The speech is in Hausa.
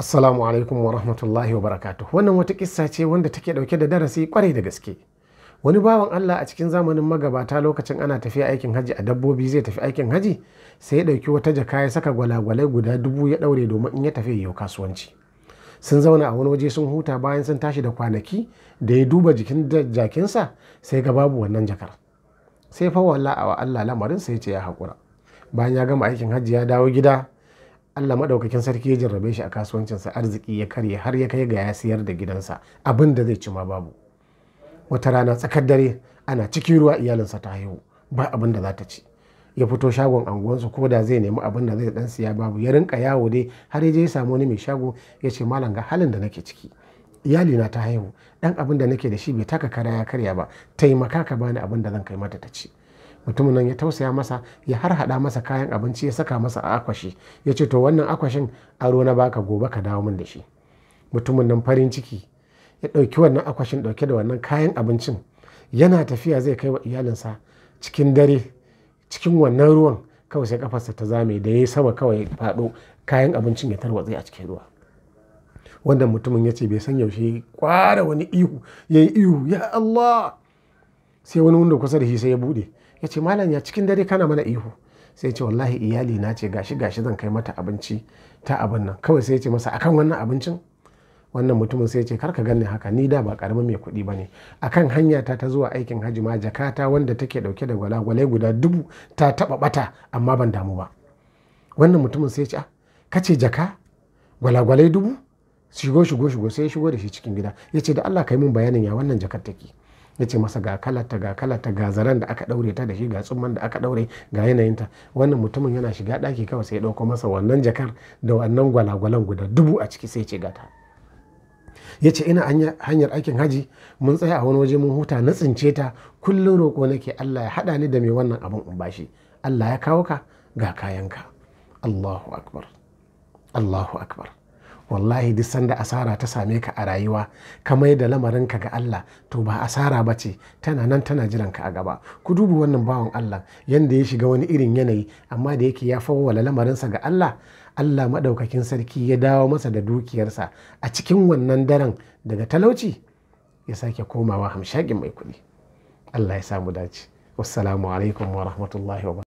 Assalamu alaikum wa rahmatullahi wa barakatuh. Wannan wata kissa ce wanda take dauke da darasi kwarai da gaske. Wani bawan Allah a cikin zamanin magabata lokacin ana tafiya aikin haji a dabbobi zai tafi aikin haji sai ya dauki wata jaka ya saka gwalagwalai guda dubu ya daure domin in ya tafi yau kasuwanci. Sun zauna a wani waje sun huta bayan sun tashi da kwanaki da ya duba jikin jakinsa sai ga babu wannan jakar. Sai fa wallahi wa Allah lamarin sai ya ce ya hakura Bayan ya gama aikin haji ya dawo gida Allah maɗaukakin sarki ya jarrabe shi a kasuwancinsa arziki ya karye har ya kai ga ya sayar da gidansa abin da zai ci ma babu wata rana tsakar dare ana cikin ruwa iyalinsa ta haihu ba abin da za ta ci ya fito shagon anguwansu ko da zai nemi abin da zai dan siya babu ya rinka yawo dai har ya je ya samu wani mai shago ya ce malam ga halin da nake ciki iyali na ta haihu dan abin da nake da shi bai taka kara ya karya ba taimaka ka bani abin da zan kai mata ta ci mutumin nan ya tausaya masa ya harhaɗa masa kayan abinci ya saka masa a akwashi ya ce to wannan akwashin aro na baka gobe ka dawo min da shi mutumin nan farin ciki ya ɗauki wannan akwashin ɗauke da wannan kayan abincin yana tafiya zai kai wa iyalinsa cikin dare cikin wannan ruwan kawai sai kafarsa ta zame da ya sama kawai faɗo kayan abincin ya tarwatse a cikin ruwa wanda mutumin ya ce bai san yaushe kwara wani ihu ya yi ihu ya Allah sai wani wanda kusa da shi sai ya buɗe ya ce malam ya cikin dare kana mana ihu sai ce wallahi iyali na ce gashi gashi zan kai mata abinci ta abin nan kawai sai ce masa akan wannan abincin wannan mutumin sai ce kar ka ganni haka ni da ba karamin mai kuɗi ba ne akan hanya ta ta zuwa aikin hajji ma jakata wanda take dauke da gwalagwalai guda dubu ta taba bata amma ban damu ba wannan mutumin sai ce a ah, ka ce jaka gwalagwalai dubu shigo shigo shigo sai ya shigo da shi cikin gida ya ce da allah kai min bayanin ya wannan jakar take ya ce masa ga kalata ga kalata ga zaren da aka daure ta da shi ga tsumman da aka daure ga yanayinta wannan mutumin yana shiga daki kawai sai ya dauko masa wannan jakar da wannan gwalagwalan guda dubu a ciki sai ya ce gata ya ce ina hanyar aikin haji mun tsaya a wani waje mun huta na tsince ta kullum roƙo nake allah ya haɗa ni da mai wannan abin in bashi allah ya kawo ka ga kayan ka allahu akbar allahu akbar wallahi duk sanda asara ta same ka a rayuwa ka mai da ka ga Allah to ba asara ba ce tana nan tana jiran ka a gaba ku dubi wannan bawan Allah yanda ya shiga wani irin yanayi amma da yake ya fawwala lamarinsa ga Allah Allah maɗaukakin sarki ya dawo masa da dukiyarsa a cikin wannan daren daga talauci ya sake komawa hamshakin mai kuɗi Allah ya samu dace wassalamu alaikum wa rahmatullahi wa